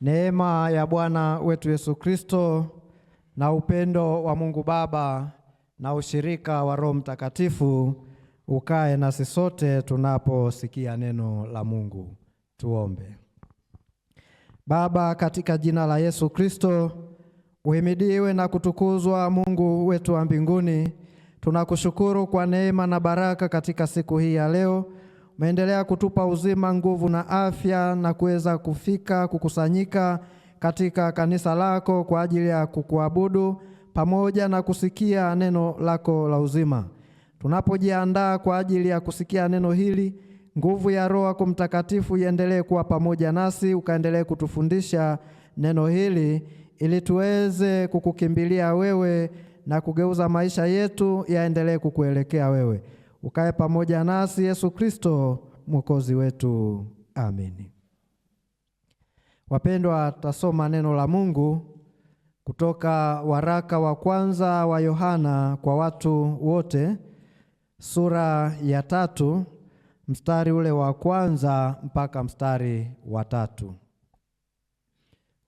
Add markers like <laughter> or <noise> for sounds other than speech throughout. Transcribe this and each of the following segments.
Neema ya Bwana wetu Yesu Kristo na upendo wa Mungu Baba na ushirika wa Roho Mtakatifu ukae nasi sote tunaposikia neno la Mungu. Tuombe. Baba, katika jina la Yesu Kristo Uhimidiwe na kutukuzwa Mungu wetu wa mbinguni. Tunakushukuru kwa neema na baraka katika siku hii ya leo. Umeendelea kutupa uzima, nguvu na afya na kuweza kufika kukusanyika katika kanisa lako kwa ajili ya kukuabudu pamoja na kusikia neno lako la uzima. Tunapojiandaa kwa ajili ya kusikia neno hili, nguvu ya Roho yako Mtakatifu iendelee kuwa pamoja nasi, ukaendelee kutufundisha neno hili ili tuweze kukukimbilia wewe na kugeuza maisha yetu yaendelee kukuelekea wewe. Ukae pamoja nasi Yesu Kristo mwokozi wetu, amini. Wapendwa, tasoma neno la Mungu kutoka waraka wa kwanza wa Yohana kwa watu wote sura ya tatu mstari ule wa kwanza mpaka mstari wa tatu.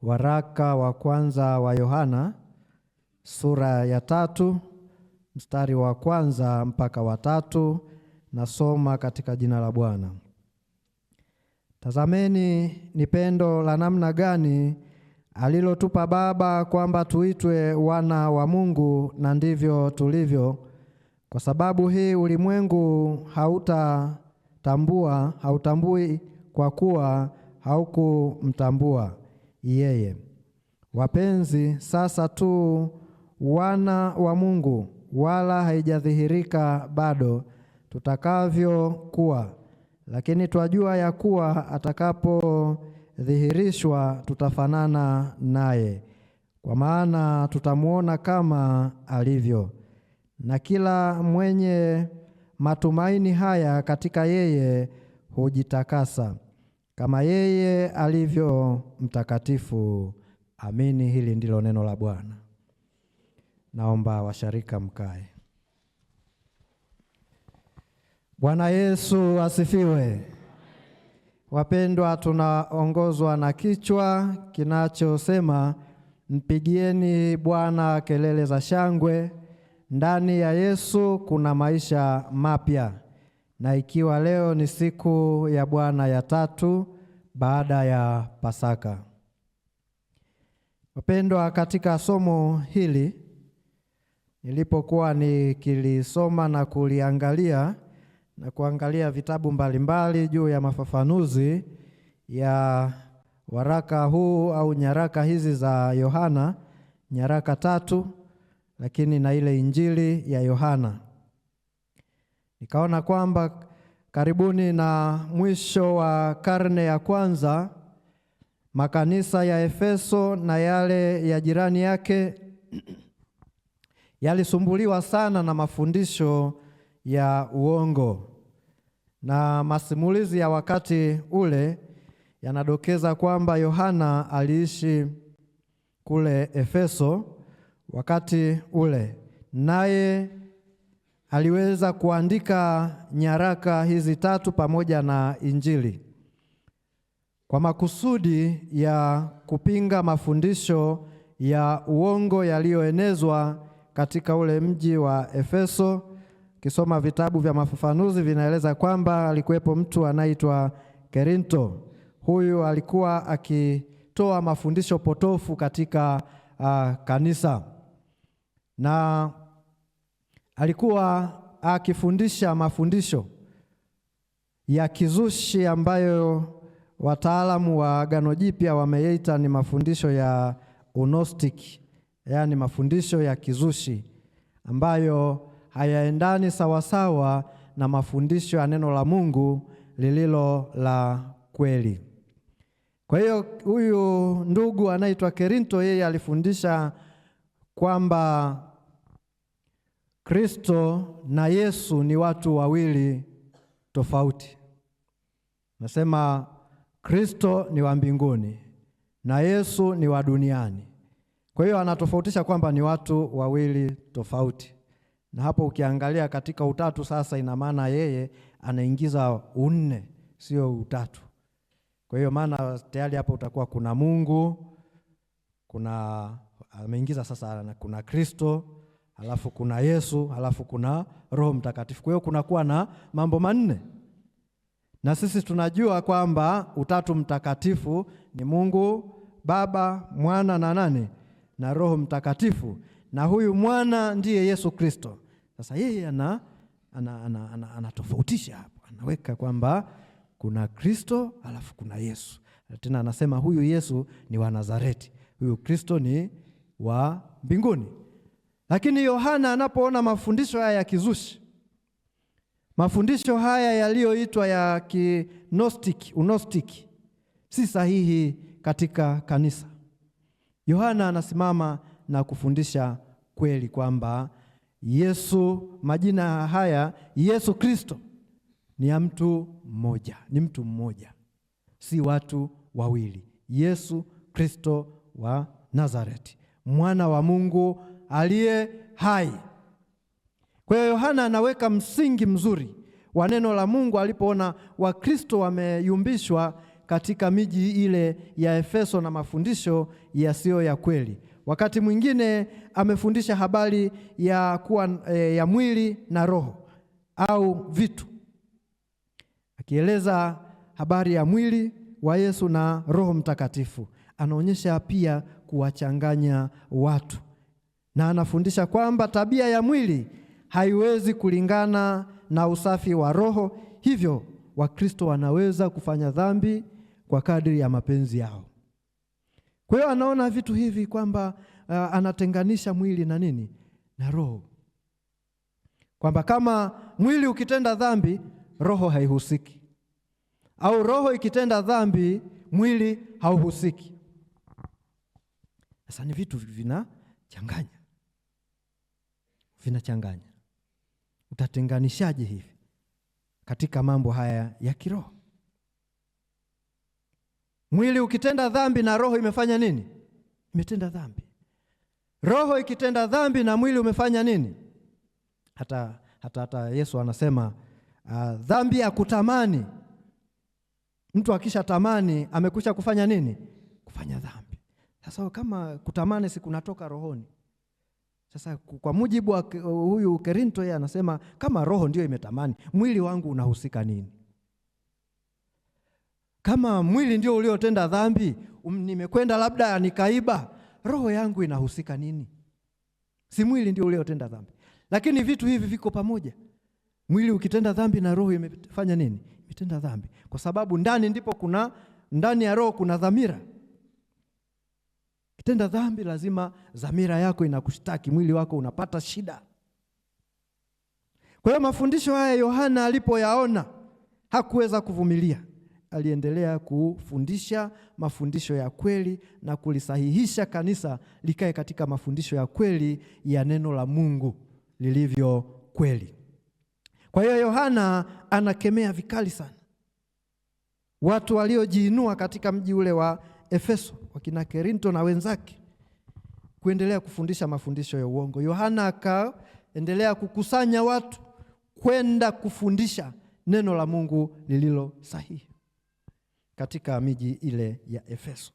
Waraka wa kwanza wa Yohana sura ya tatu mstari wa kwanza mpaka wa tatu. Nasoma katika jina la Bwana. Tazameni ni pendo la namna gani alilotupa Baba kwamba tuitwe wana wa Mungu, na ndivyo tulivyo. Kwa sababu hii ulimwengu hautatambua hautambui, kwa kuwa haukumtambua yeye. Wapenzi, sasa tu wana wa Mungu, wala haijadhihirika bado tutakavyokuwa, lakini twajua ya kuwa atakapodhihirishwa tutafanana naye, kwa maana tutamwona kama alivyo. Na kila mwenye matumaini haya katika yeye hujitakasa kama yeye alivyo mtakatifu. Amini. Hili ndilo neno la Bwana. Naomba washarika mkae. Bwana Yesu asifiwe. Wapendwa, tunaongozwa na kichwa kinachosema mpigieni Bwana kelele za shangwe. Ndani ya Yesu kuna maisha mapya na ikiwa leo ni siku ya Bwana ya tatu baada ya Pasaka. Wapendwa, katika somo hili nilipokuwa nikilisoma na kuliangalia na kuangalia vitabu mbalimbali juu ya mafafanuzi ya waraka huu au nyaraka hizi za Yohana, nyaraka tatu, lakini na ile Injili ya Yohana Nikaona kwamba karibuni na mwisho wa karne ya kwanza makanisa ya Efeso na yale ya jirani yake <clears throat> yalisumbuliwa sana na mafundisho ya uongo na masimulizi ya wakati ule yanadokeza kwamba Yohana aliishi kule Efeso wakati ule, naye aliweza kuandika nyaraka hizi tatu pamoja na Injili kwa makusudi ya kupinga mafundisho ya uongo yaliyoenezwa katika ule mji wa Efeso. Kisoma vitabu vya mafafanuzi vinaeleza kwamba alikuwepo mtu anaitwa Kerinto. Huyu alikuwa akitoa mafundisho potofu katika uh, kanisa na alikuwa akifundisha mafundisho ya kizushi ambayo wataalamu wa Agano Jipya wameita ni mafundisho ya unostic, yaani mafundisho ya kizushi ambayo hayaendani sawasawa na mafundisho ya neno la Mungu lililo la kweli. Kwa hiyo huyu ndugu anaitwa Kerinto, yeye alifundisha kwamba Kristo na Yesu ni watu wawili tofauti. Nasema Kristo ni wa mbinguni na Yesu ni wa duniani. Kwa hiyo anatofautisha kwamba ni watu wawili tofauti, na hapo ukiangalia katika utatu sasa, ina maana yeye anaingiza unne, sio utatu. Kwa hiyo maana tayari hapo utakuwa kuna Mungu, kuna ameingiza sasa, kuna Kristo alafu kuna Yesu, halafu kuna Roho Mtakatifu. Kwa hiyo kunakuwa na mambo manne, na sisi tunajua kwamba Utatu Mtakatifu ni Mungu Baba, Mwana na nani na Roho Mtakatifu, na huyu mwana ndiye Yesu Kristo. Sasa yeye ana anatofautisha ana, ana, ana anaweka kwamba kuna Kristo alafu kuna Yesu. Tena anasema huyu Yesu ni wa Nazareti, huyu Kristo ni wa mbinguni. Lakini Yohana anapoona mafundisho haya ya kizushi, mafundisho haya yaliyoitwa ya kinostiki, unostiki, si sahihi katika kanisa. Yohana anasimama na kufundisha kweli kwamba Yesu, majina haya Yesu Kristo ni ya mtu mmoja, ni mtu mmoja, si watu wawili. Yesu Kristo wa Nazareti, mwana wa Mungu aliye hai. Kwa hiyo Yohana anaweka msingi mzuri wa neno la Mungu alipoona Wakristo wameyumbishwa katika miji ile ya Efeso na mafundisho yasiyo ya kweli. Wakati mwingine amefundisha habari ya kuwa e, ya mwili na roho au vitu, akieleza habari ya mwili wa Yesu na Roho Mtakatifu. Anaonyesha pia kuwachanganya watu na anafundisha kwamba tabia ya mwili haiwezi kulingana na usafi wa roho, hivyo Wakristo wanaweza kufanya dhambi kwa kadri ya mapenzi yao. Kwa hiyo anaona vitu hivi kwamba uh, anatenganisha mwili na nini na roho, kwamba kama mwili ukitenda dhambi roho haihusiki, au roho ikitenda dhambi mwili hauhusiki. Sasa ni vitu vinachanganya vinachanganya. Utatenganishaje hivi katika mambo haya ya kiroho? Mwili ukitenda dhambi na roho imefanya nini? Imetenda dhambi. Roho ikitenda dhambi na mwili umefanya nini? Hata, hata, hata Yesu anasema uh, dhambi ya kutamani. Mtu akisha tamani amekwisha kufanya nini? Kufanya dhambi. Sasa kama kutamani si kunatoka rohoni sasa kwa mujibu wa huyu Kerinto, yeye anasema kama roho ndio imetamani, mwili wangu unahusika nini? Kama mwili ndio uliotenda dhambi, um, nimekwenda labda nikaiba, roho yangu inahusika nini? Si mwili ndio uliotenda dhambi, lakini vitu hivi viko pamoja. Mwili ukitenda dhambi na roho imefanya nini? Imetenda dhambi, kwa sababu ndani ndipo kuna ndani ya roho kuna dhamira Ukitenda dhambi, lazima dhamira yako inakushtaki, mwili wako unapata shida. Kwa hiyo mafundisho haya Yohana alipoyaona hakuweza kuvumilia. Aliendelea kufundisha mafundisho ya kweli na kulisahihisha kanisa likae katika mafundisho ya kweli ya neno la Mungu lilivyo kweli. Kwa hiyo Yohana anakemea vikali sana watu waliojiinua katika mji ule wa Efeso, wakina Kerinto na wenzake kuendelea kufundisha mafundisho ya uongo. Yohana akaendelea kukusanya watu kwenda kufundisha neno la Mungu lililo sahihi katika miji ile ya Efeso.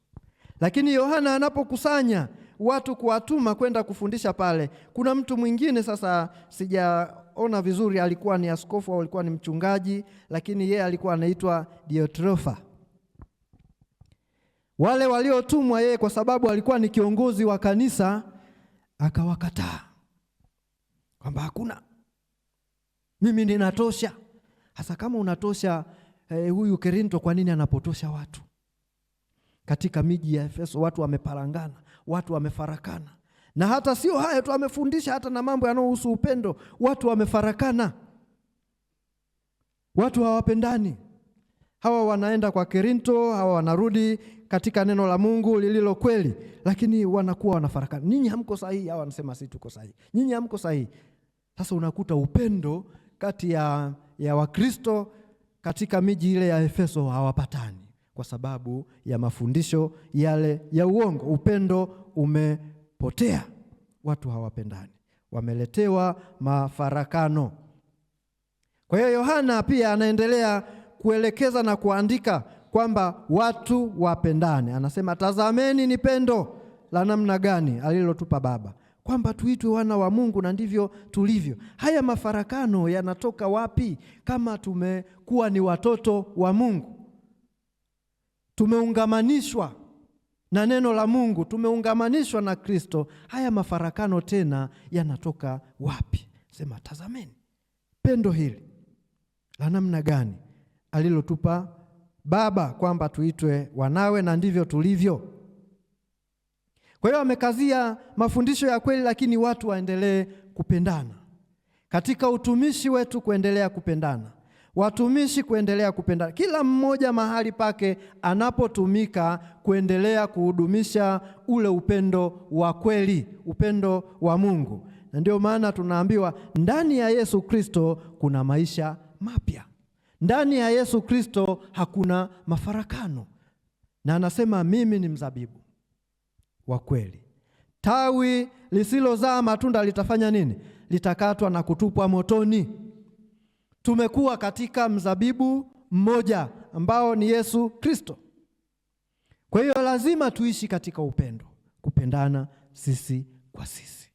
Lakini Yohana anapokusanya watu kuwatuma kwenda kufundisha pale, kuna mtu mwingine sasa, sijaona vizuri alikuwa ni askofu au alikuwa ni mchungaji, lakini yeye alikuwa anaitwa Diotrofa. Wale waliotumwa yeye, kwa sababu alikuwa ni kiongozi wa kanisa, akawakataa kwamba hakuna, mimi ninatosha. Hasa kama unatosha eh, huyu Kerinto kwa nini anapotosha watu katika miji ya Efeso? Watu wameparangana, watu wamefarakana, na hata sio hayo tu, amefundisha hata na mambo yanayohusu upendo. Watu wamefarakana, watu hawapendani hawa wanaenda kwa Kirinto, hawa wanarudi katika neno la Mungu lililo kweli, lakini wanakuwa wanafarakana. ninyi hamko sahihi, hawa wanasema sisi tuko sahihi, ninyi hamko sahihi. Sasa unakuta upendo kati ya, ya Wakristo katika miji ile ya Efeso hawapatani kwa sababu ya mafundisho yale ya uongo. Upendo umepotea, watu hawapendani, wameletewa mafarakano. Kwa hiyo Yohana pia anaendelea kuelekeza na kuandika kwamba watu wapendane. Anasema tazameni ni pendo la namna gani alilotupa Baba, kwamba tuitwe wana wa Mungu na ndivyo tulivyo. Haya mafarakano yanatoka wapi kama tumekuwa ni watoto wa Mungu? Tumeungamanishwa na neno la Mungu, tumeungamanishwa na Kristo. Haya mafarakano tena yanatoka wapi? Sema tazameni pendo hili la namna gani alilotupa Baba kwamba tuitwe wanawe na ndivyo tulivyo. Kwa hiyo amekazia mafundisho ya kweli, lakini watu waendelee kupendana katika utumishi wetu, kuendelea kupendana, watumishi kuendelea kupendana, kila mmoja mahali pake anapotumika, kuendelea kuhudumisha ule upendo wa kweli, upendo wa Mungu. Na ndio maana tunaambiwa ndani ya Yesu Kristo kuna maisha mapya. Ndani ya Yesu Kristo hakuna mafarakano, na anasema mimi ni mzabibu wa kweli. Tawi lisilozaa matunda litafanya nini? Litakatwa na kutupwa motoni. Tumekuwa katika mzabibu mmoja ambao ni Yesu Kristo. Kwa hiyo lazima tuishi katika upendo, kupendana sisi kwa sisi,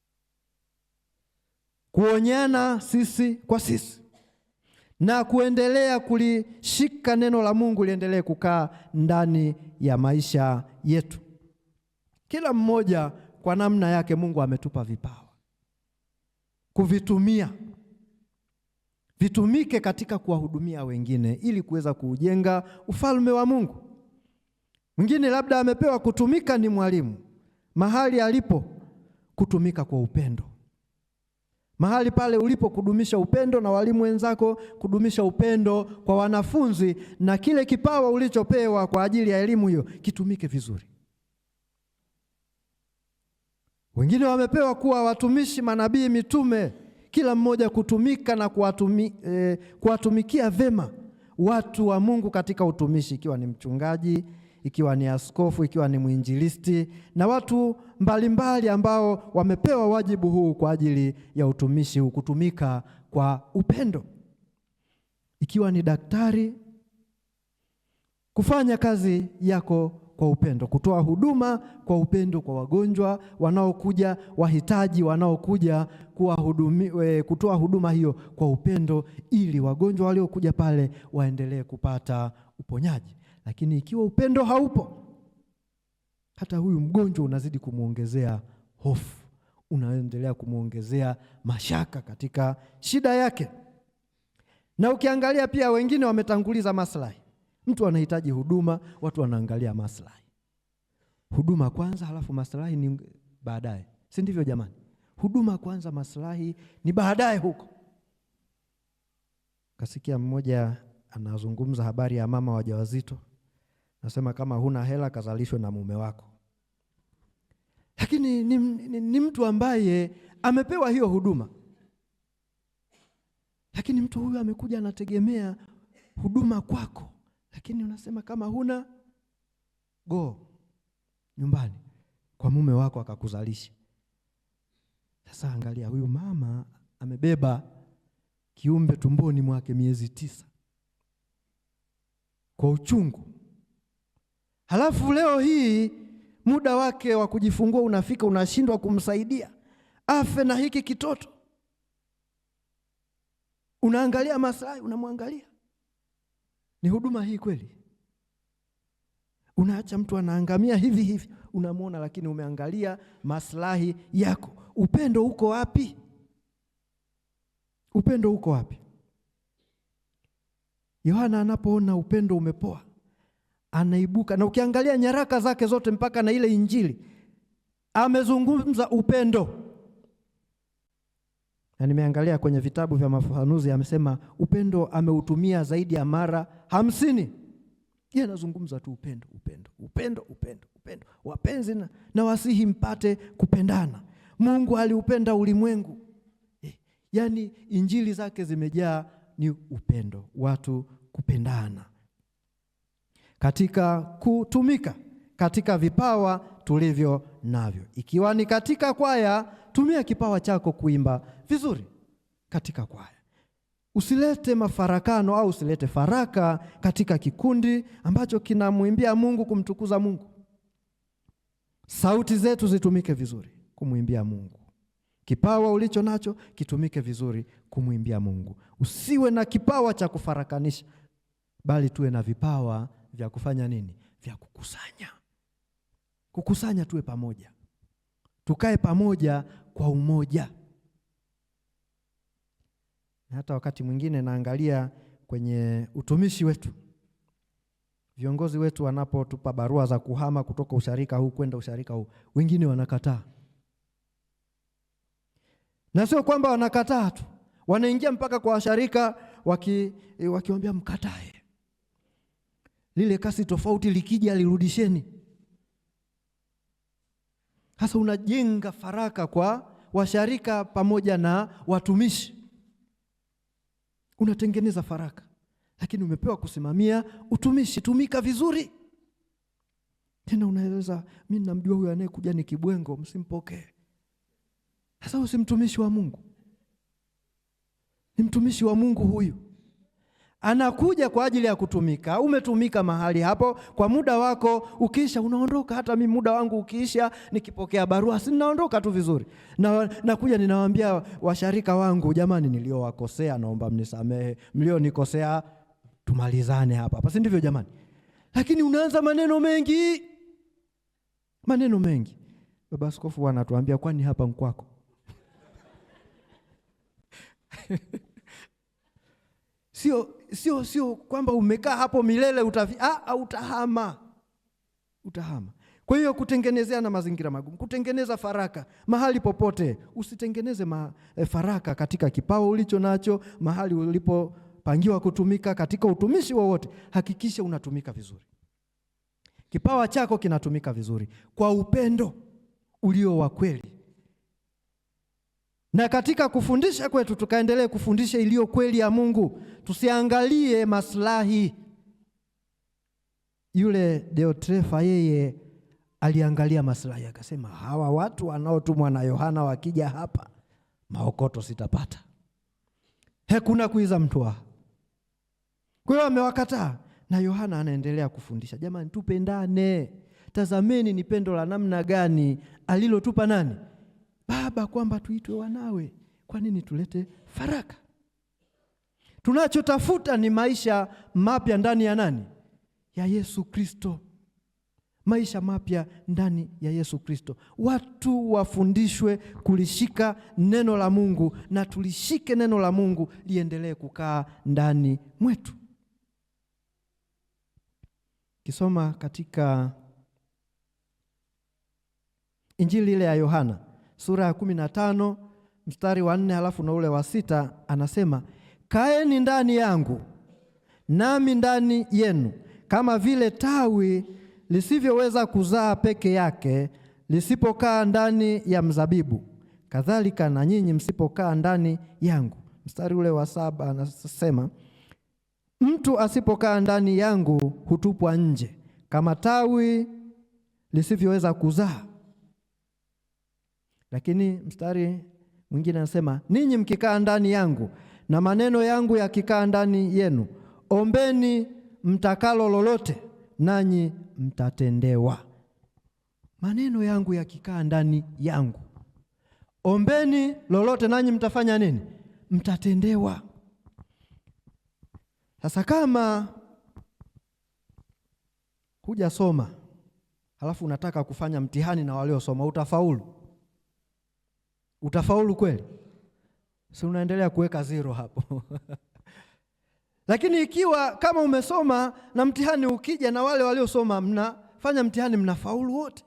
kuonyana sisi kwa sisi na kuendelea kulishika neno la Mungu liendelee kukaa ndani ya maisha yetu. Kila mmoja kwa namna yake, Mungu ametupa vipawa, kuvitumia vitumike katika kuwahudumia wengine ili kuweza kuujenga ufalme wa Mungu. Mwingine labda amepewa kutumika ni mwalimu, mahali alipo kutumika kwa upendo mahali pale ulipo, kudumisha upendo na walimu wenzako, kudumisha upendo kwa wanafunzi, na kile kipawa ulichopewa kwa ajili ya elimu hiyo kitumike vizuri. Wengine wamepewa kuwa watumishi, manabii, mitume, kila mmoja kutumika na kuwatumi, eh, kuwatumikia vema watu wa Mungu katika utumishi, ikiwa ni mchungaji ikiwa ni askofu, ikiwa ni mwinjilisti na watu mbalimbali mbali ambao wamepewa wajibu huu kwa ajili ya utumishi huu, kutumika kwa upendo, ikiwa ni daktari, kufanya kazi yako kwa upendo, kutoa huduma kwa upendo kwa wagonjwa wanaokuja, wahitaji wanaokuja e, kutoa huduma hiyo kwa upendo, ili wagonjwa waliokuja pale waendelee kupata uponyaji. Lakini ikiwa upendo haupo, hata huyu mgonjwa unazidi kumwongezea hofu, unaendelea kumwongezea mashaka katika shida yake. Na ukiangalia pia, wengine wametanguliza maslahi. Mtu anahitaji huduma, watu wanaangalia maslahi. Huduma kwanza, halafu maslahi ni baadaye, si ndivyo jamani? Huduma kwanza, maslahi ni baadaye. Huko kasikia mmoja anazungumza habari ya mama wajawazito Nasema kama huna hela kazalishwe na mume wako. Lakini ni, ni, ni mtu ambaye amepewa hiyo huduma, lakini mtu huyu amekuja anategemea huduma kwako, lakini unasema kama huna go nyumbani kwa mume wako akakuzalisha. Sasa angalia, huyu mama amebeba kiumbe tumboni mwake miezi tisa kwa uchungu halafu leo hii muda wake wa kujifungua unafika, unashindwa kumsaidia afe na hiki kitoto. Unaangalia maslahi, unamwangalia. Ni huduma hii kweli? Unaacha mtu anaangamia hivi hivi, unamwona, lakini umeangalia maslahi yako. Upendo uko wapi? Upendo uko wapi? Yohana anapoona upendo umepoa anaibuka, na ukiangalia nyaraka zake zote mpaka na ile Injili amezungumza upendo, na nimeangalia kwenye vitabu vya mafafanuzi amesema upendo ameutumia zaidi ya mara hamsini. Yeye anazungumza tu upendo, upendo, upendo, upendo, upendo. Wapenzi na, na wasihi mpate kupendana, Mungu aliupenda ulimwengu eh. Yaani injili zake zimejaa ni upendo, watu kupendana katika kutumika katika vipawa tulivyo navyo. Ikiwa ni katika kwaya, tumia kipawa chako kuimba vizuri katika kwaya. Usilete mafarakano au usilete faraka katika kikundi ambacho kinamwimbia Mungu, kumtukuza Mungu. Sauti zetu zitumike vizuri kumwimbia Mungu. Kipawa ulicho nacho kitumike vizuri kumwimbia Mungu. Usiwe na kipawa cha kufarakanisha, bali tuwe na vipawa vya kufanya nini? Vya kukusanya, kukusanya, tuwe pamoja, tukae pamoja kwa umoja. Na hata wakati mwingine naangalia kwenye utumishi wetu, viongozi wetu wanapotupa barua za kuhama kutoka usharika huu kwenda usharika huu, wengine wanakataa, na sio kwamba wanakataa tu, wanaingia mpaka kwa washarika wakiwaambia, waki mkatae lile kasi tofauti likija lirudisheni. hasa unajenga faraka kwa washarika pamoja na watumishi, unatengeneza faraka, lakini umepewa kusimamia utumishi. Tumika vizuri. Tena unaeleza mimi namjua huyu anayekuja ni kibwengo, msimpokee. Sasa si mtumishi wa Mungu, ni mtumishi wa Mungu huyu anakuja kwa ajili ya kutumika. Umetumika mahali hapo kwa muda wako, ukiisha unaondoka. Hata mimi muda wangu ukiisha, nikipokea barua si ninaondoka tu vizuri, na nakuja ninawaambia washarika wangu, jamani, niliowakosea naomba mnisamehe, mlionikosea, tumalizane hapa hapa, si ndivyo jamani? Lakini unaanza maneno mengi, maneno mengi. Baba Askofu anatuambia kwani hapa mkwako <laughs> sio sio sio kwamba umekaa hapo milele utafi, ah, ah, utahama utahama. Kwa hiyo kutengenezea na mazingira magumu, kutengeneza faraka mahali popote. Usitengeneze ma, e, faraka katika kipao ulicho nacho, mahali ulipopangiwa kutumika, katika utumishi wowote. Hakikisha unatumika vizuri, kipawa chako kinatumika vizuri kwa upendo ulio wa kweli na katika kufundisha kwetu tukaendelee kufundisha iliyo kweli ya Mungu, tusiangalie maslahi. Yule Deotrefa yeye aliangalia maslahi, akasema hawa watu wanaotumwa na Yohana wakija hapa maokoto sitapata, hekuna kuiza mtwa. Kwa hiyo amewakataa, na Yohana anaendelea kufundisha, jamani, tupendane. Tazameni ni pendo la namna gani alilotupa nani Baba kwamba tuitwe wanawe. Kwa nini tulete faraka? Tunachotafuta ni maisha mapya ndani ya nani? Ya Yesu Kristo. Maisha mapya ndani ya Yesu Kristo. Watu wafundishwe kulishika neno la Mungu na tulishike neno la Mungu liendelee kukaa ndani mwetu. Kisoma katika Injili ile ya Yohana sura ya kumi na tano mstari wa nne halafu na ule wa sita anasema, kaeni ndani yangu nami ndani yenu, kama vile tawi lisivyoweza kuzaa peke yake lisipokaa ndani ya mzabibu, kadhalika na nyinyi msipokaa ndani yangu. Mstari ule wa saba anasema, mtu asipokaa ndani yangu hutupwa nje kama tawi lisivyoweza kuzaa lakini mstari mwingine anasema, ninyi mkikaa ndani yangu na maneno yangu yakikaa ndani yenu, ombeni mtakalo lolote, nanyi mtatendewa. Maneno yangu yakikaa ndani yangu, ombeni lolote, nanyi mtafanya nini? Mtatendewa. Sasa kama hujasoma halafu unataka kufanya mtihani na waliosoma, utafaulu. Utafaulu kweli? Si unaendelea kuweka zero hapo. <laughs> Lakini ikiwa kama umesoma na mtihani ukija, na wale waliosoma mnafanya mtihani, mnafaulu wote.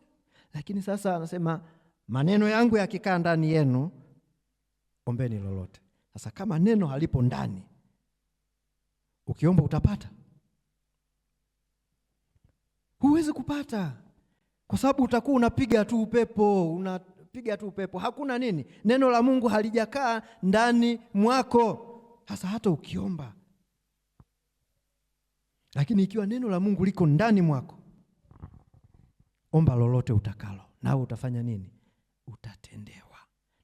Lakini sasa anasema maneno yangu yakikaa ndani yenu, ombeni lolote. Sasa kama neno halipo ndani, ukiomba utapata? Huwezi kupata, kwa sababu utakuwa unapiga tu upepo, una kupiga tu upepo, hakuna nini, neno la Mungu halijakaa ndani mwako, hasa hata ukiomba. Lakini ikiwa neno la Mungu liko ndani mwako, omba lolote utakalo, nawe utafanya nini? Utatendewa.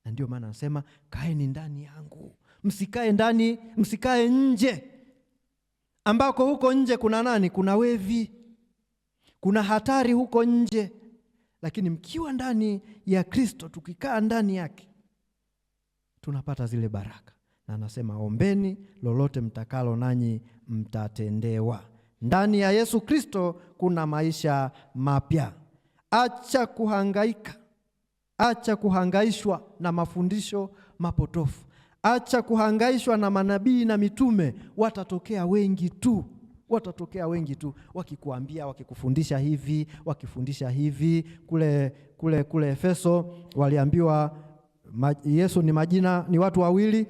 Na ndio maana anasema kaeni ndani yangu, msikae ndani, msikae nje, ambako huko nje kuna nani? Kuna wevi, kuna hatari huko nje. Lakini mkiwa ndani ya Kristo, tukikaa ndani yake, tunapata zile baraka, na anasema ombeni lolote mtakalo, nanyi mtatendewa. Ndani ya Yesu Kristo kuna maisha mapya. Acha kuhangaika, acha kuhangaishwa na mafundisho mapotofu, acha kuhangaishwa na manabii na mitume. Watatokea wengi tu watatokea wengi tu wakikuambia, wakikufundisha hivi, wakifundisha hivi. Kule kule kule Efeso waliambiwa Yesu ni majina, ni watu wawili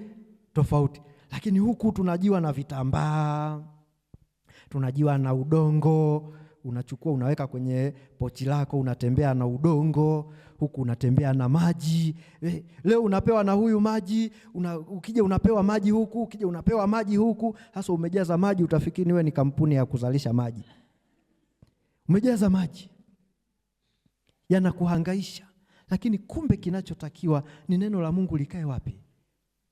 tofauti, lakini huku tunajiwa na vitambaa, tunajiwa na udongo unachukua unaweka kwenye pochi lako, unatembea na udongo, huku unatembea na maji eh, leo unapewa na huyu maji una, ukija unapewa maji huku, ukija unapewa maji huku, hasa umejaza maji, utafikiri wewe ni kampuni ya kuzalisha maji. Umejaza maji yanakuhangaisha, lakini kumbe kinachotakiwa ni neno la Mungu likae wapi?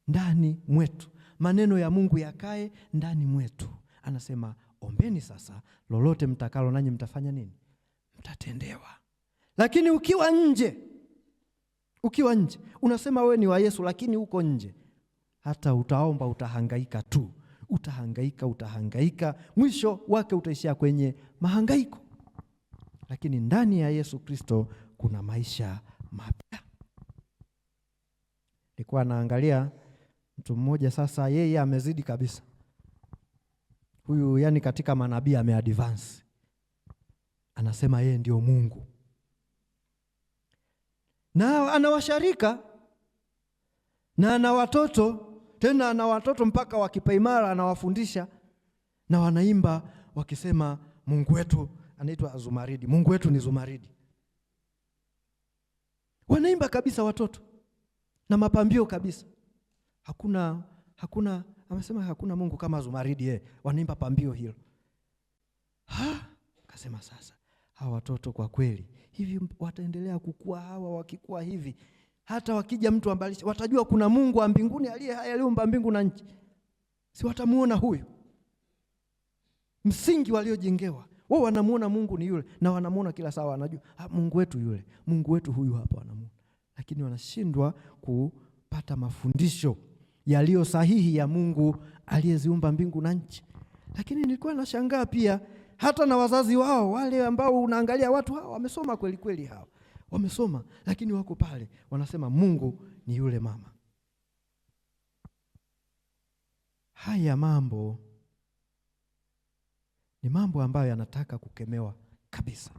Ndani mwetu, maneno ya Mungu yakae ndani mwetu. Anasema ombeni sasa lolote mtakalo, nanyi mtafanya nini? Mtatendewa. Lakini ukiwa nje, ukiwa nje unasema wewe ni wa Yesu, lakini uko nje, hata utaomba utahangaika tu, utahangaika utahangaika, mwisho wake utaishia kwenye mahangaiko. Lakini ndani ya Yesu Kristo kuna maisha mapya. Nilikuwa naangalia mtu mmoja sasa, yeye amezidi kabisa huyu, yani katika manabii ameadvance, anasema yeye ndio Mungu na ana washarika na ana watoto tena, ana watoto mpaka wakipaimara anawafundisha na wanaimba wakisema, Mungu wetu anaitwa Zumaridi, Mungu wetu ni Zumaridi. Wanaimba kabisa watoto na mapambio kabisa, hakuna hakuna, amesema hakuna Mungu kama Zumaridi yeye, wanaimba pambio hilo. Ha, akasema sasa hawa watoto kwa kweli hivi wataendelea kukua hawa, wakikua hivi hata wakija mtu ambaye watajua kuna Mungu wa mbinguni aliye haya aliumba mbingu na nchi, si watamuona huyu? Msingi waliojengewa wao, wanamuona Mungu ni yule, na wanamuona kila saa, wanajua ha, ah, Mungu wetu yule, Mungu wetu huyu hapa, wanamuona, lakini wanashindwa kupata mafundisho yaliyo sahihi ya Mungu aliyeziumba mbingu na nchi. Lakini nilikuwa nashangaa pia hata na wazazi wao wale ambao unaangalia watu hawa wamesoma kweli kweli, hawa wamesoma, lakini wako pale wanasema Mungu ni yule mama. Haya mambo ni mambo ambayo yanataka kukemewa kabisa,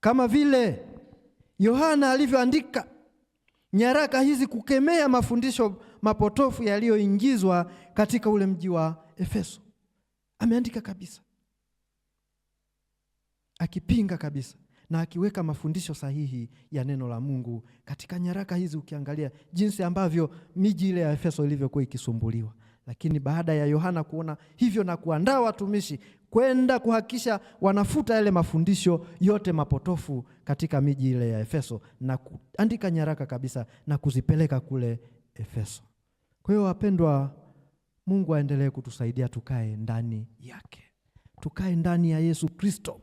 kama vile Yohana alivyoandika nyaraka hizi kukemea mafundisho mapotofu yaliyoingizwa katika ule mji wa Efeso. Ameandika kabisa akipinga kabisa na akiweka mafundisho sahihi ya neno la Mungu katika nyaraka hizi. Ukiangalia jinsi ambavyo miji ile ya Efeso ilivyokuwa ikisumbuliwa, lakini baada ya Yohana kuona hivyo na kuandaa watumishi kwenda kuhakikisha wanafuta yale mafundisho yote mapotofu katika miji ile ya Efeso na kuandika nyaraka kabisa na kuzipeleka kule Efeso. Kwa hiyo wapendwa, Mungu aendelee kutusaidia tukae ndani yake, tukae ndani ya Yesu Kristo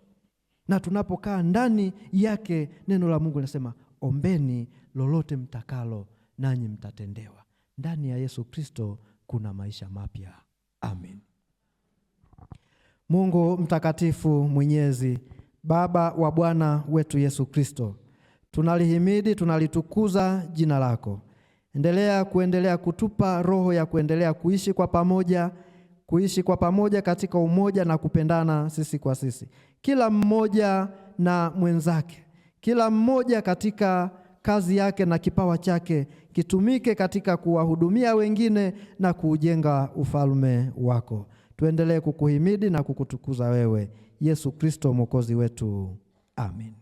na tunapokaa ndani yake, neno la Mungu linasema ombeni lolote mtakalo, nanyi mtatendewa. Ndani ya Yesu Kristo kuna maisha mapya. Amen. Mungu mtakatifu mwenyezi, Baba wa Bwana wetu Yesu Kristo, tunalihimidi tunalitukuza jina lako. Endelea kuendelea kutupa roho ya kuendelea kuishi kwa pamoja kuishi kwa pamoja katika umoja na kupendana sisi kwa sisi, kila mmoja na mwenzake, kila mmoja katika kazi yake na kipawa chake kitumike katika kuwahudumia wengine na kuujenga ufalme wako. Tuendelee kukuhimidi na kukutukuza wewe, Yesu Kristo mwokozi wetu. Amin.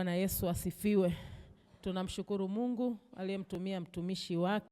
Bwana Yesu asifiwe. Tunamshukuru Mungu aliyemtumia mtumishi wake